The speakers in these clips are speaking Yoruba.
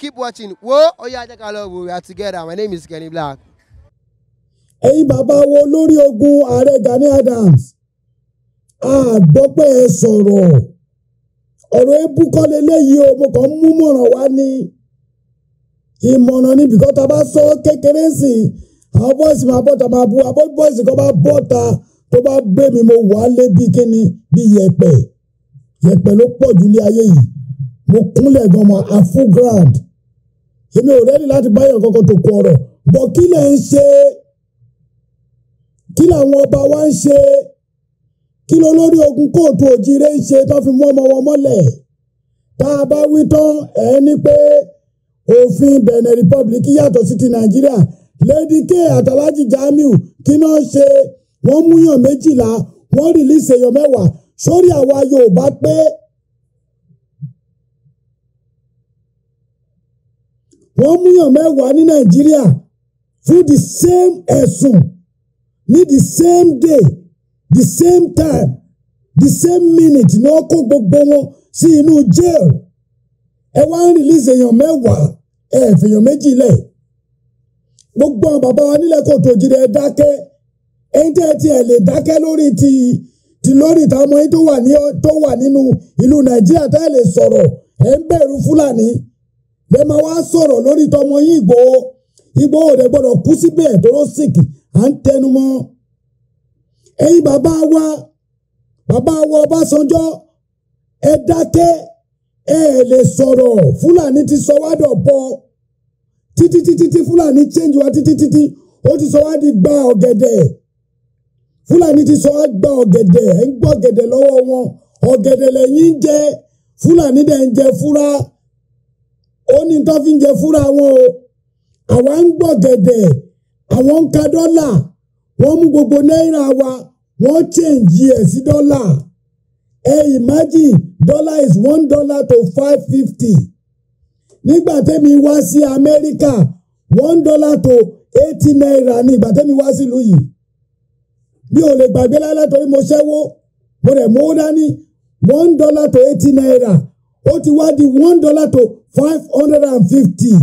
Keep watching. Wo Oya Ajakalo, we are together. My name is Kenny Black. Hey, Baba! wo lórí ogun ààrẹ Gani Adams àgbọ́pẹ́ ẹ sọ̀rọ̀ ọ̀rọ̀ ebú kọ́ leléyìí o mo kàn ń mú mọ̀ràn wá ní ìmọ̀ràn ni bìkọ́ ta bá sọ kékeré sí àwọn boys máa bọ́ta máa bu àwọn bọ́ọ̀sì kan bá bọ́ta tó bá gbé mi mo wà á lé bí kíni bí yẹ̀pẹ̀ yẹ̀pẹ̀ ló pọ̀ jù lé ayé yìí mo kúnlẹ̀ gan mọ́ afu ground èmi ò rẹ́ni láti báyọ̀ kankan tó kọ ọ̀rọ̀ bọ̀ kí lẹ̀ ń ṣe kí làwọn ọba wa ń ṣe kí ló lórí ogun kóòtù òjìire ń ṣe tó fi mú ọmọ wọn mọ́lẹ̀ tá a bá wí tán ẹ̀ ní pé òfin Benin Republic yàtọ̀ sí ti Nàìjíríà Lady K àtàlájì Jamiu kí náà ṣe wọ́n múyàn méjìlá wọ́n rìlíìsì èèyàn mẹ́wàá sórí àwa Yorùbá pé. wọ́n múyàn mẹ́wàá ní nàìjíríà fún the same ẹ̀sùn ní the same day the same time the same minute ní wọ́n kó gbogbo wọn sí inú jail ẹ wá ń release èèyàn mẹ́wàá ẹ fèèyàn méjì lẹ̀ gbogbo àwọn bàbá wa nílẹ̀ kò tó jìnnà ẹ dákẹ́ ẹ̀yin tẹ́ ẹ tiẹ̀ lè dákẹ́ lórí ti ti lórí ìtààmú yín tó wà nínú ìlú nàìjíríà tẹ́ ẹ lè sọ̀rọ̀ ẹ̀ ń bẹ̀rù fúlàní. bẹ́ẹ̀ máa wá sọ̀rọ̀ lórí tọmọ yín Ìgbòho Ìgbòho rẹ̀ gbọ́dọ̀ kú síbẹ̀ tóró sìnkì à ń tẹnumọ́ ẹ̀yin bàbá wa bàbá wa Ọbásanjọ́ ẹ dákẹ́ ẹ lè sọ̀rọ̀ ti sọ wá dọ̀bọ̀ títí títí tí Fúlàní change wa títí títí ó ti sọ di gba ọ̀gẹ̀dẹ̀ Fúlàní ti sọ gba ọ̀gẹ̀dẹ̀ ẹ̀ ń gbọ́ ọ̀gẹ̀dẹ̀ lọ́wọ́ wọn ọ̀gẹ̀dẹ̀ lẹ́yìn jẹ Fúlàní dẹ̀ ó ní tó fi ń jẹ fúnra wọn o àwa ń gbọ̀gẹ̀dẹ̀ àwọn ń ka dọ́là wọ́n mú gbogbo náírà wa wọ́n chẹ́ǹjì ẹ̀ sí dọ́là ẹ imagine dollar is one dollar to five fifty nígbà tẹ́mi wá sí Amẹ́ríkà one dollar to eighty naira ní ìgbà tẹ́mi wá sílùú yìí mi ò lè gbàgbé láyé torí mo ṣẹ́wó mo rẹ̀ mú dání one dollar to eighty naira ó ti wá di one dollar to five hundred and fifty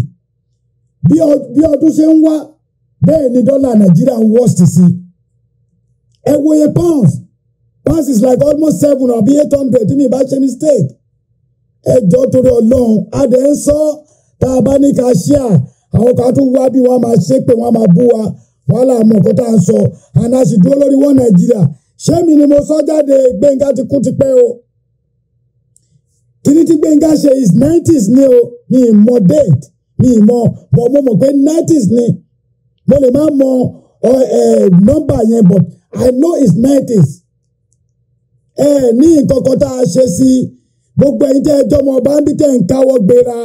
bí ọdún ṣe ń wá bẹ́ẹ̀ ni dollar Nigeria ń worst sí ẹ wo ye pounds pounds is like almost seven àbí eight hundred tí mi bá ṣe mistake ẹ jọ torí ọlọ́run a dẹ̀ ń sọ tá a bá ní ká ṣíà àwọn kan tún wá bí wọ́n máa ṣépè wọ́n máa bú wa wàhálà àmọ́ nǹkan tá à sọ àná sì dúró lórí wọn nàìjíríà ṣé mi ni mo sọ jáde gbẹ̀ngà ti kú ti pẹ́ o kíní tí Gbẹ́ngà ṣe is nineties ni o mi ì mọ date mi ì mọ bọ̀ mo mọ̀ pé nineties ni mo lè má mọ nọ́mbà yẹn but I know it's nineties ẹ ní nǹkan kan tá a ṣe sí gbogbo ẹ̀yin tẹ́ ẹ jọmọ ọba ń bí tẹ́ ń káwọ́ gbéra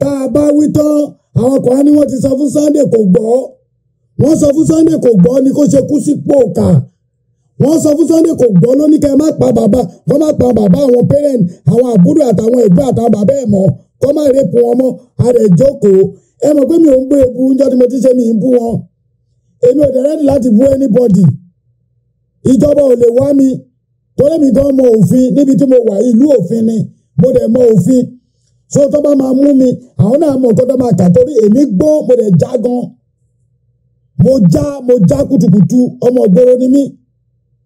tá a bá wí tán àwọn kan á ní ti sọ fún Sunday kò gbọ́ wọ́n sọ fún Sunday kò gbọ́ ni kó ṣe kú sípò kà. Si wọ́n sọ fún Sunday kò gbọ́ ló ní kẹ́ ẹ má pa bàbá kọ́ má pa bàbá àwọn parent àwọn àbúrò àtàwọn ẹ̀gbọ́n àtàwọn bàbá ẹ̀ mọ́ kọ́ má rẹ́pù wọn mọ́ àrẹ̀ jókòó ẹ mọ̀ pé mi ò ń bú ebu ńjọ́ tí mo ti ṣe mi ń bú wọn èmi ò dẹ̀ rẹ́dì láti bú anybody ìjọba ò lè wá mi torí mi gan mọ òfin níbi tí mo wà ìlú òfin ni mo dẹ̀ mọ òfin so tó bá máa mú mi àwọn náà mọ̀ nǹkan tó máa kà torí èmi gbọ́ mo dẹ̀ já gan mo já mo já kutukutu ọmọ ìgboro ni mí.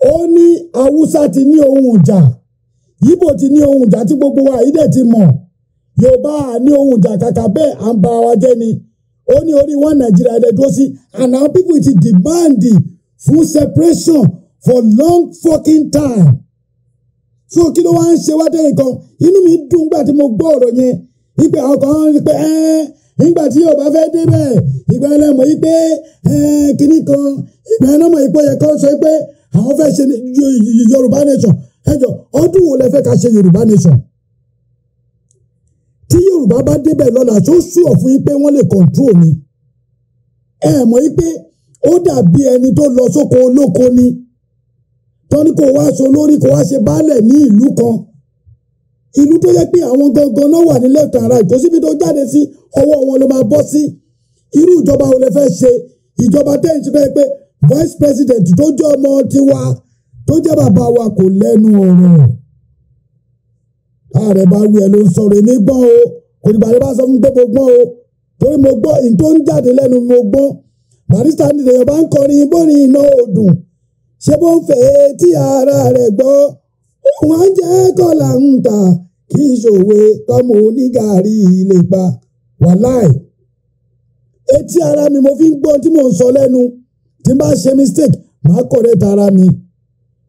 ó ní awusa ti ní ohun ìjà yíbò ti ní ohun ìjà tí gbogbo wa yìí dẹ̀ ti mọ̀ yorùbá ní ohun ìjà kàkà bẹ́ẹ̀ à ń ba wa jẹ́ ni ó ní orí wọn nàìjíríà ilẹ̀ dúró sí and our people ti demand separation for long fokin time so kí ló wá ń ṣe wá nǹkan inú mi dùn gbà tí mo gbọ́ ọ̀rọ̀ yẹn ìgbà ọkàn ń pẹ́ ẹ́ nígbà tí fẹ́ débẹ̀ ìgbà ẹlẹ́mọ̀ yìí pé ẹ́ kan ìgbà ẹlẹ́mọ̀ yìí pé pé àwọn fẹ́ ṣe yorùbá nation ẹ jọ ọdún wo lẹ fẹ́ ká ṣe yorùbá nation tí yorùbá bá débẹ̀ lọ́la tó sùn ọ̀fun yín pé wọ́n lè control ni ẹ mọ̀ yín pé ó dàbí ẹni tó lọ sóko olóko ni tọ́ni kò wá so lórí kò wá ṣe baálẹ̀ ní ìlú kan ìlú tó yẹ pé àwọn gangan náà wà ní left and right kò síbi tó jáde sí ọwọ́ wọn ló máa bọ́ sí irú ìjọba wo lẹ fẹ́ ṣe ìjọba tẹ́yìn ti fẹ́ pé vice president tó jẹ́ ọmọ tiwa tó jẹ́ bàbá wa kò lẹ́nu ọ̀rọ̀ ààrẹ bá wí ẹ ló ń sọ̀rọ̀ èmi gbọ́ o kò dìgbà tó bá sọ fún pé mo gbọ́ o torí mo gbọ́ ìyìn tó ń jáde lẹ́nu mo gbọ́ barista nílẹ̀ yorùbá ń kọrin bórin iná òdùn ṣé bó ń fẹ́ tí ara rẹ̀ gbọ́ òun á jẹ́ kọ́là ń tà kí ìṣòwe tọ́mọ onígàárí ilé pa wàláì etí ara mi mo fi ń gbọ́ tí mò ń sọ lẹ́nu tí n bá ṣe mistake màá correct ara mi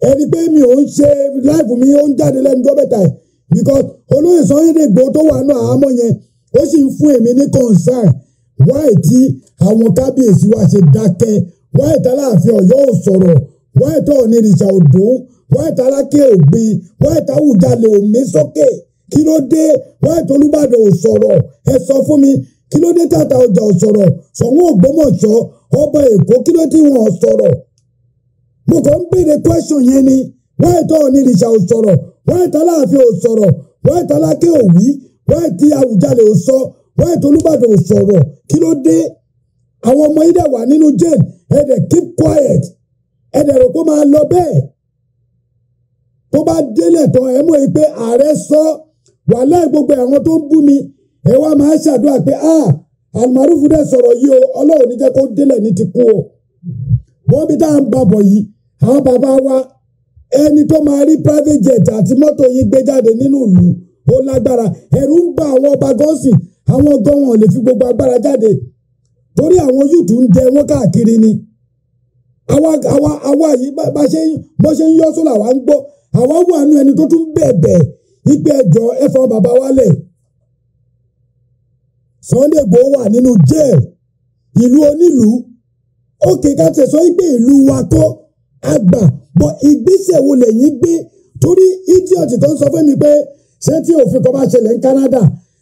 ẹni pé mi ò ń ṣe life mi ó ń jáde lẹ́nu tó bẹ̀tà ẹ̀ because olóyè Sunday tó wà náà àhámọ́ yẹn ó sì ń fún èmi ní concern why tí àwọn kábíyèsí wa ṣe dákẹ́ why tàlàáfin Ọ̀yọ́ ò sọ̀rọ̀ why tó ò ní ìrìṣà òdùn why tàlákè ògbìn why tàwùjalè òmí sókè kí ló dé why tolúbàdàn ò sọ̀rọ̀ ẹ sọ fún mi kí ló dé tàtà ọjà ò sọ̀rọ̀ Ṣọ̀ún Ògbómọ̀ṣọ́ ọba èkó kí ló dé wọn sọrọ mo kàn ń béèrè question yẹn ni wọn ẹ̀tọ́ onírìṣà ò sọ̀rọ̀ wọ́n aláàfin ò sọ̀rọ̀ wọ́n ẹ̀tọ́ aláké ò wí àwùjalè ò sọ wọ́n olúbàdàn ò kí ló dé àwọn ọmọ yìí nínú jail ẹ dẹ keep quiet ẹ dẹ rò kó máa lọ bẹẹ. tó bá tán àlùmárùfù dẹ̀ sọ̀rọ̀ yìí o ọlọ́run ní jẹ́ kó délẹ̀ ní ti kú o wọ́n bí tá à ń babọ̀ yìí àwọn bàbá wa ẹni tó máa rí private jet àti mọ́tò yìí gbé jáde nínú ìlú ó lágbára ẹ̀rù ń ba àwọn ọba gọ́ọ̀sì àwọn gan wọn lè fi gbogbo agbára jáde torí àwọn yùtù ń jẹ wọn káàkiri ni àwa àwa àwa yìí bá ṣe bó ṣe ń yọ sólà wa ń gbọ́ àwa wà nù ẹni tó tún bẹ̀bẹ̀ ìgbẹ́jọ ẹ̀fọ́ bàbá wa lẹ̀. Sunday Igboho wà nínú jail ìlú onílùú òkè ká tẹ̀sọ́ yí pé ìlú wa kọ́ àgbà bọ̀ ìgbésẹ̀ wo lẹ́yìn gbé torí idiot kan sọ fún mi pé ṣé tí òfin kan bá ṣẹlẹ̀ ní Canada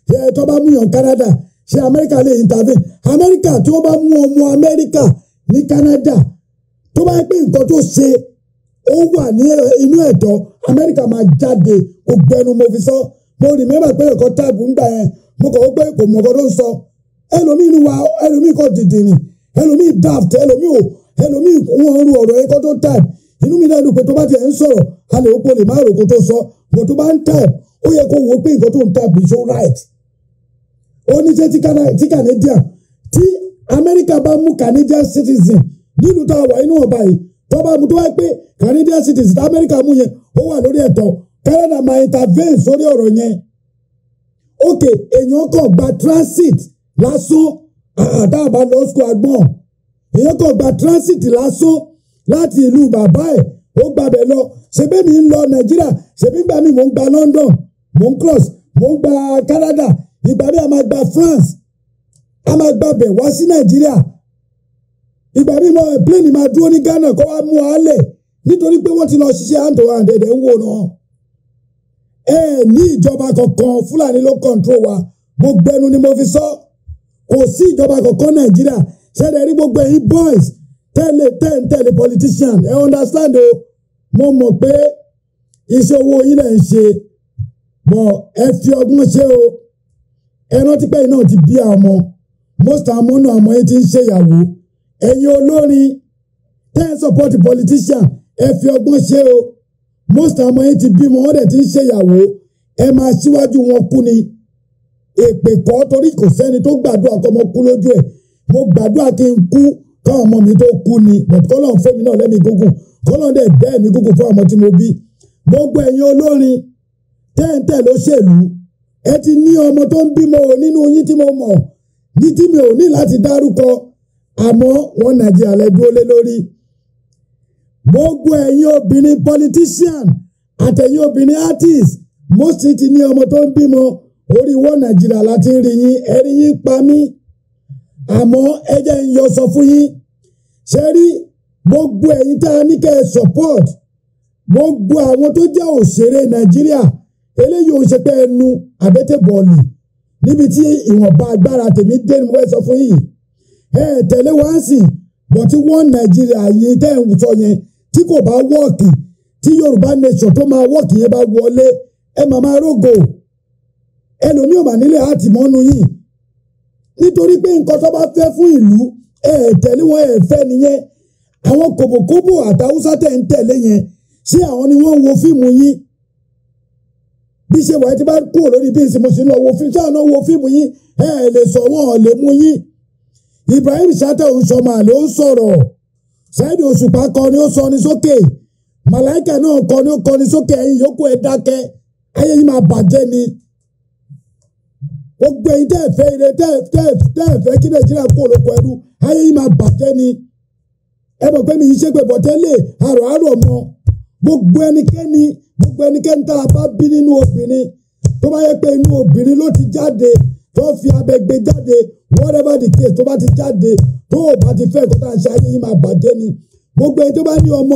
ṣé tó bá mú yàn Canada ṣé Amẹ́ríkà lè intervene Amẹ́ríkà tí ó bá mú ọmọ Amẹ́ríkà ní Canada tó bá yẹ pé nǹkan tó ṣe ó wà ní inú ẹ̀tọ́ Amẹ́ríkà máa jáde gbogbo ẹnu mo fi sọ mo rìmẹ́bà pé ẹ̀kọ́ táàbù ń gbà yẹn mo kàn ó pé kò mọ̀ ọ̀gọ́dọ̀ ń sọ ẹlòmíì inú wa ẹlòmíì kò dìdìrìn ẹlòmíì daft ẹlòmíì ò ẹlòmíì wọn ń ru ọ̀rọ̀ yẹn kọ́tọ́ time inú mi lẹ́nu pé tó bá tiẹ̀ ń sọ̀rọ̀ a lè ó lè má rò kó tó sọ bó tó bá ń time ó yẹ kó wo pé nǹkan tó ń type is right ó ní ṣé tí Canadian tí Amẹ́ríkà bá mú Canadian citizen nínú tá a wà inú ọba yìí tó bá mú tó bá pé Canadian citizen tí Amẹ́ríkà mú yẹn ó wà lórí ẹ̀tọ́ Canada máa intervene sórí ọ̀rọ̀ yẹn ok èèyàn kan gba transit lásán àtàbà ah, lọ sùkú agbọ́n èèyàn kan gba transit lásán láti ìlú bàbá ẹ̀ ó gbàbẹ̀ lọ ṣebí mi ń lọ nàìjíríà ṣebí gbà mí mò ń gba london mò ń cross mò ń gba canada ìgbà mi a máa gba france a máa gbàbẹ̀ wá sí nàìjíríà ìgbà mi mọ pléènì máa dúró ní ghana kó wá mú wa lẹ̀ nítorí pé wọ́n ti lọ ṣiṣẹ́ hand to hand ẹ̀dẹ̀ ń wò náà ẹ ní ìjọba kankan fúlàní ló kọ̀ǹtró wa gbogbo ẹnu ni mo fi sọ kò sí ìjọba kankan nàìjíríà ṣẹlẹ̀ rí gbogbo ẹ̀yin boys tẹ̀lé ten politician ẹ understand o mo mọ̀ pé iṣẹ́ owó yín lẹ̀ ń ṣe bọ̀ ẹ fi ọgbọ́n ṣe o ẹ rántí pé iná ti bí àmọ́ most àmọ́nà àmọ́ yín ti ń ṣèyàwó ẹ̀yin olórin tẹ́ ẹ support politician ẹ fi ọgbọ́n ṣe o most àwọn yẹn ti bímọ wọn dẹ̀ ti ń ṣèyàwó ẹ máa ṣíwájú wọn kú ni èpè kọ́ torí kò sẹ́ni tó gbàdúrà kọ́ ọmọ kú lójú ẹ̀ mo gbàdúrà kí n kú káwọn ọmọ mi tó kú ni but kọ́lọ́n fẹ́mi náà lẹ́mi gúngùn kọ́lọ́n dẹ̀ dẹ́ mi gúngùn fún ọmọ tí mo bí gbogbo ẹ̀yin olórin tẹ́ǹtẹ̀ ló ṣèlú ẹ ti ní ọmọ tó ń bímọ nínú yín tí mo mọ̀ ní tí mi ò ní láti dárúkọ àmọ́ wọn Nàìjíríà lẹ lé lórí gbogbo ẹ̀yin obìnrin politician àtẹ̀yin obìnrin artist most ti ní ọmọ tó ń bímọ orí wọ nàìjíríà láti rí yín ẹ̀rí yín pa mí àmọ́ ẹ ń yọ sọ fún yín ṣe rí gbogbo ẹ̀yin tá a ní kẹ́ ẹ support gbogbo àwọn tó jẹ́ òṣèré nàìjíríà eléyìí ò ń ṣe pé ẹnu àbẹ́tẹ̀ bọ̀ọ̀lì níbi tí ìwọ̀nba agbára tèmi dé ni mo fẹ́ sọ fún yìí ẹ tẹ̀lé wá bọ̀ tí wọ́n nàìjíríà yìí tẹ́ ń sọ yẹn tí kò bá wọ́ọ̀kì tí yorùbá nation tó máa wọ́ọ̀kì yẹn bá wọlé ẹ máa máa rògò ẹlòmíì ò mà nílẹ̀ àti mọ́nu yìí nítorí pé nǹkan tó bá fẹ́ fún ìlú ẹ tẹ̀lé wọn ẹ fẹ́ nìyẹn àwọn kòbòkòbò àtàwùsá tẹ̀ ń tẹ̀lé yẹn ṣé àwọn ni wọ́n ń wo fíìmù yín bí ṣe wà ti bá kúrò lórí bí ìsìn mo ń lọ wo fíìmù yín ẹ lè sọ wọn ò lè mú yín Ibrahim Chatta Osomale ó sọ̀rọ̀ sọrọ Òṣùpá kọni ó ni sókè màláìkà náà kọni ó kọni sókè ẹ̀yin yòókù ẹ̀ dákẹ́ ayé yìí máa bàjẹ́ ni gbogbo ẹ̀yin tẹ́ ẹ̀ fẹ́ ire tẹ́ ẹ̀ tẹ́ ẹ̀ fẹ́ kí Nàìjíríà kó olóko ayé yìí máa bàjẹ́ ni ẹ mi yìí ṣe pé àrò àrò gbogbo ẹnikẹ́ni gbogbo ẹnikẹ́ni tá a bá bí nínú obìnrin tó bá tó fi abẹ gbé jáde whatever the case tó bá ti jáde tó o bá ti fẹ́ kọ́ta ṣe ayé yìí máa bàjẹ́ ni gbogbo ẹni tó bá ní ọmọ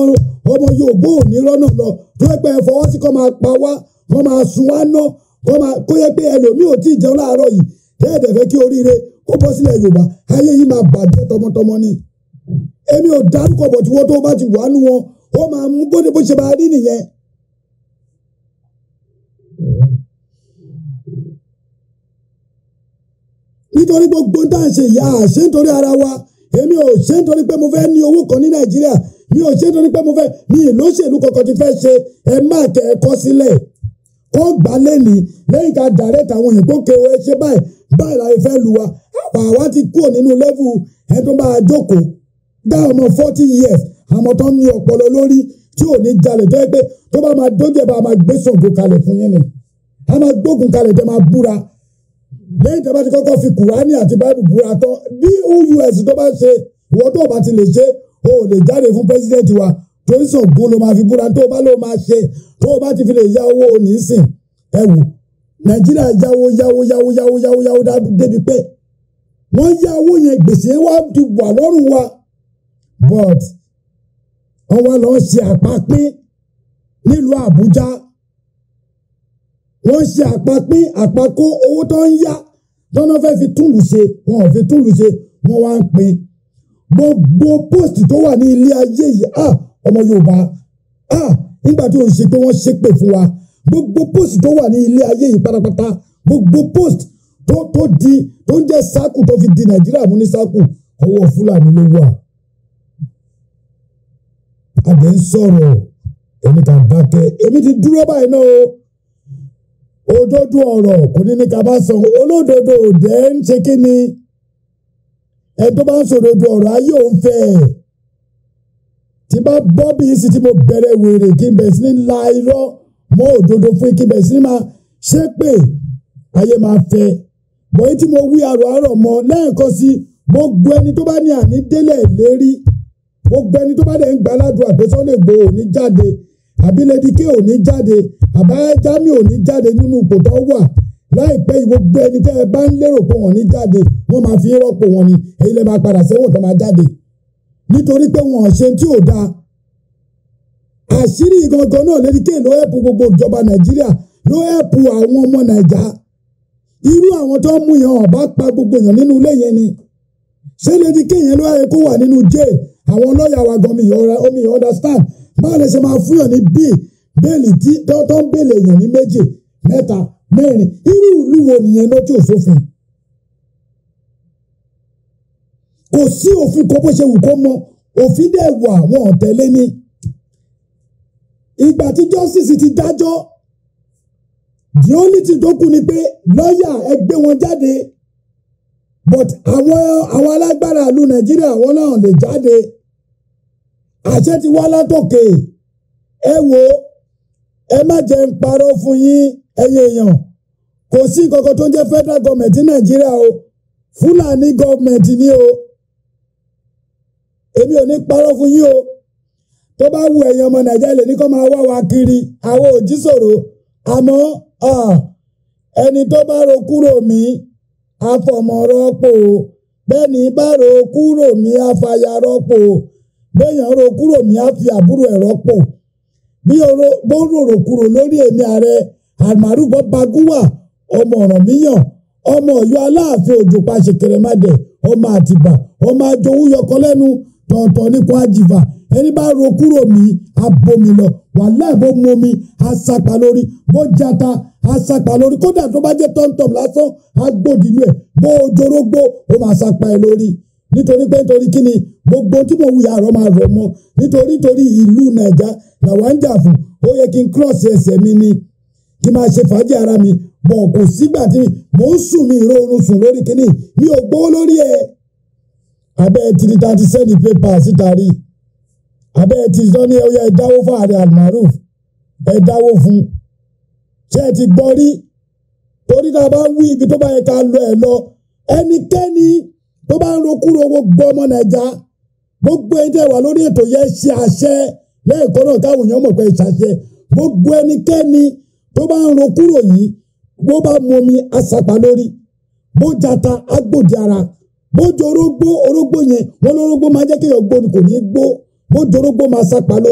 ọmọ Yorùbá ò ní rọ́nà lọ tó yẹ pé ẹ fọwọ́ sí kọ́ máa pa wá kọ́ máa sun wá ná kọ́ máa kó yẹ pé ẹlòmíì ò tí ì jẹun láàárọ̀ yìí ẹ̀ẹ́dẹ̀ fẹ́ kí oríire kó bọ́ sílẹ̀ Yorùbá ayé yìí máa bàjẹ́ tọmọtọmọ ni èmi ò dárúkọ bọ̀ tí wọ́n tó bá ti wà nù wọn ó máa mú bó ṣe máa rí nìyẹn nítorí gbogbo tá à ń ṣe ìyá àṣẹ nítorí ara wa èmi ò ṣe nítorí pé mo fẹ́ ní owó kan ní nàìjíríà mi ò ṣe nítorí pé mo fẹ́ ní ìlóṣèlú kankan ti fẹ́ ṣe ẹ má tẹ ẹ kọ́ sílẹ̀ kó gbà lẹ́nìí lẹ́yìn ká direct àwọn òyìnbó kéwọ́ ẹ ṣe báyìí báyìí la fẹ́ lu wa àwa ti kúrò nínú level ẹ tó bá jókòó dá ọmọ forty years àmọ́ tó ń ní ọpọlọ lórí tí ò ní jalè tó yẹ pé tó bá máa dójú ẹ̀ bá máa gbé sọ̀gbọ̀ kalẹ̀ fún yín ni a máa gbógun kalẹ̀ tẹ́ máa búra lẹ́yìn tí a bá ti kọ́kọ́ fi kùránì àti báìbù búra tán bí us tó bá ṣe ìwọ tó bá ti lè ṣe o lè jáde fún president wa torí Ṣàngó ló máa fi búra tó bá ló máa ṣe tó bá ti fi lè yá owó onísìn ẹ wò nàìjíríà yáwó yáwó yáwó yáwó yáwó yáwó débi pé wọ́n yáwó yẹn gbèsè wa ti wà lọ́rùn wa but wọ́n wá lọ ṣe àpapín nílùú àbújá wọ́n ṣe àpapín àpakó owó tó ń yá tọ́nà fẹ́ fi túlù ṣe wọn ò fi túlù ṣe wọ́n wá ń pín gbogbo post tó wà ní ilé ayé yìí ah ọmọ Yorùbá ah nígbà tí o ṣe pé wọ́n ṣépè fún wa gbogbo post tó wà ní ilé ayé yìí pátápátá gbogbo post tó tó di tó ń jẹ́ sáàkù tó fi di Nàìjíríà mú ní sáàkù ọwọ́ Fúlàní ló wà àbẹ̀ ń sọ̀rọ̀ ẹni kan dákẹ́ èmi ti dúró báyìí náà o òdodo ọ̀rọ̀ kò ní ní ká bá sọ olódodo òdẹ ń ṣe kí ni ẹ tó bá ń sòdodo ọ̀rọ̀ ayé òun fẹ́ tí bá bọ́ bí yìí sí tí mo bẹ̀rẹ̀ wèrè kí n bẹ̀rẹ̀ sí ní la irọ́ mọ́ òdodo fún kí n bẹ̀rẹ̀ sí ní máa ṣé pé ayé máa fẹ́ bọ̀yí tí mo wí àrò àrọ̀ mọ́ lẹ́ẹ̀kan sí mo gbọ́ ẹni tó bá ní àní délẹ̀ lérí mo gbọ́ ẹni tó bá dẹ̀ ń gbàládùn àgbẹ̀sọ́ lè gbòòrò ní jáde àbílẹ̀dìkẹ́ ò ní jáde àbájámi ò ní jáde nínú ipò tó wà láìpẹ́ ìwọ gbé ẹni tẹ́ ẹ bá ń lérò pé wọ́n ní jáde wọ́n máa fi rọ́pò wọn ni èyí lè máa padà sẹ́wọ̀n tó máa jáde nítorí pé wọ́n ṣe tí ò dáa àṣírí gangan náà lẹ́díkẹ́ ló ẹ̀pù gbogbo ìjọba nàìjíríà ló ẹ̀pù àwọn ọmọ nàìjà irú àwọn tó ń mú yẹn ọ̀bá pa gbogbo yẹn nínú ilé yẹn ni ṣé lẹ́díkẹ́ yẹn ló yẹ kó wà nínú jail àwọn lọ́ọ̀yà wa gan mi yọ̀ understand báwo lẹ ṣe máa fún yàn ní bíi bẹ́ẹ̀lì tí tọ́tọ́ ń bèèlè èèyàn ní méjì mẹ́ta mẹ́rin irú ìlú wo nìyẹn lójú òfófin kò sí òfin kó bó ṣe wù kó mọ òfin dẹ̀ wà àwọn ọ̀tẹ̀lé ni ìgbà tí justice ti dájọ́ the only thing tó kù ni pé lọ́ọ̀yà ẹ gbé wọn jáde but àwọn àwọn alágbára ìlú Nàìjíríà wọn náà lè jáde. àṣẹ ti wá látòkè ẹ wo ẹ má jẹ́ ń parọ́ fún yín ẹyẹ èèyàn kò sí kankan tó ń jẹ́ federal government ní nàìjíríà o fúlàní government ni o èmi ò ní parọ́ fún yín o tó bá wù ẹ̀yin ọmọ nàìjíríà lè ní kó máa wá wa kiri àwọn òjì sọ̀rọ̀ àmọ́ ẹni tó bá ro kúrò mí àfọ̀mọ̀ rọ́pò bẹ́ẹ̀ ni bá ro kúrò mí àfàyà rọ́pò. bẹ́yàn ro kúrò mi á fi àbúrò ẹ̀rọ pọ̀ bí bó rorò kúrò lórí èmi ààrẹ àmàrúbọ bagúwà ọmọ ọ̀ràn míyàn ọmọ ọ̀yọ́ aláàfin òjò pàṣẹkẹrẹ má dẹ̀ ọmọ àtìbà ọmọ àjòwú yọkọ lẹ́nu tọ̀ọ̀tọ̀ nípa àjìbà ẹni bá ro kúrò mi lọ mu omi nítorí pé nítorí kí ni gbogbo tí mo wuya àrọ máa rọ mọ nítorí nítorí ìlú nàìjà làwa ń jà fún ó yẹ kí n cross ẹsẹ̀ mi ni kí n máa ṣe fàájì ara mi bọ̀ kò sígbà tí mo ń sùn mi ìró oorun sùn lórí kíní mi ò gbowó lórí ẹ̀ abẹ́ tìrì tàti sẹ́ni pépà síta rí abẹ́ tìrì tán ní ẹ̀yà ẹ̀dáwó fún ààrẹ almaruf ẹ̀dáwó fún ṣé ẹ ti gbọ́ rí torí tá a bá wí ibi tó bá yẹ ká lọ ẹ̀ lọ ẹnikẹ́ni. tó bá ń ro kúrò gbogbo ọmọ nàìjà gbogbo ẹni tẹ́ wà lórí ètò yẹn ṣe àṣẹ lẹ́ẹ̀kan náà káwọn gbogbo ẹnikẹ́ni tó bá ń ro yìí bó bá mu omi asàpà lórí bó jata agbòdì ara bó jọ orógbó yẹn wọn lórógbó máa jẹ́ kéèyàn kò ní gbó bó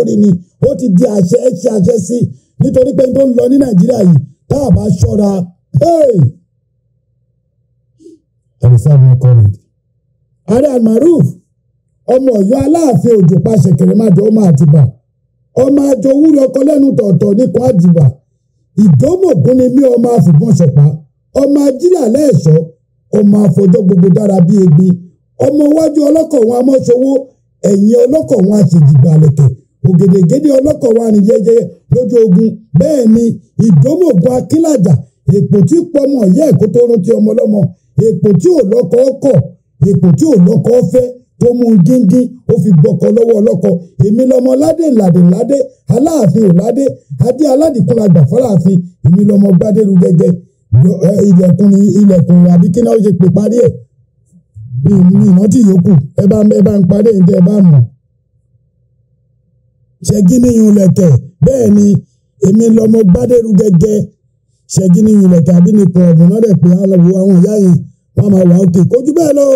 ni ó ti di àṣẹ ẹ ṣe àṣẹ sí i nítorí pé n tó ń lọ ní ààrẹ almaruf ọmọ Ọ̀yọ́ aláàfin òjòpá ṣèkèrèmàdé ọmọ àtìbà ọmọ owurọ ọkọ lẹ́nu tọ̀ọ̀tọ̀ nìkan àdìbà ìdómògún ni mí ọmọ àfìbọn ṣọ̀pá; ọmọ ajílà lẹ́ẹ̀ṣọ́ ọmọ àfọjọ́ gbogbo dára bíi ọmọ ọlọ́kọ̀ wọn ẹ̀yìn ọlọ́kọ̀ wọn ògèdègèdè ọlọ́kọ̀ ipò tí ò lọ́kọ fẹ́ tó mú un gíngín ó fi gbọ́kọ lọ́wọ́ ọlọ́kọ èmi lọ́mọ ládé ńládé ńládé aláàfin òládé adé aládìkúnra gbàfọ́láàfin èmi lọ́mọ gbádẹ́rù gẹ́gẹ́ ilẹ̀kùn ni ilẹ̀kùn àbí kí náà ó ṣe pè parí ẹ̀ bí ìrántí yòókù ẹ bá ẹ bá ń parí ẹ̀ ẹ bá mọ̀ ṣẹ́gi ní ìhùlẹ̀kẹ̀ bẹ́ẹ̀ ni èmi lọ́mọ gbádẹ́rù gẹ́gẹ́ ṣẹ́gi ní ìhùlẹ̀kẹ̀ àbí nìkan ọ̀bùn náà dẹ̀ pé àwọn ìyá yẹn wọn máa wà òkè kójú bẹ́ẹ̀ lọ.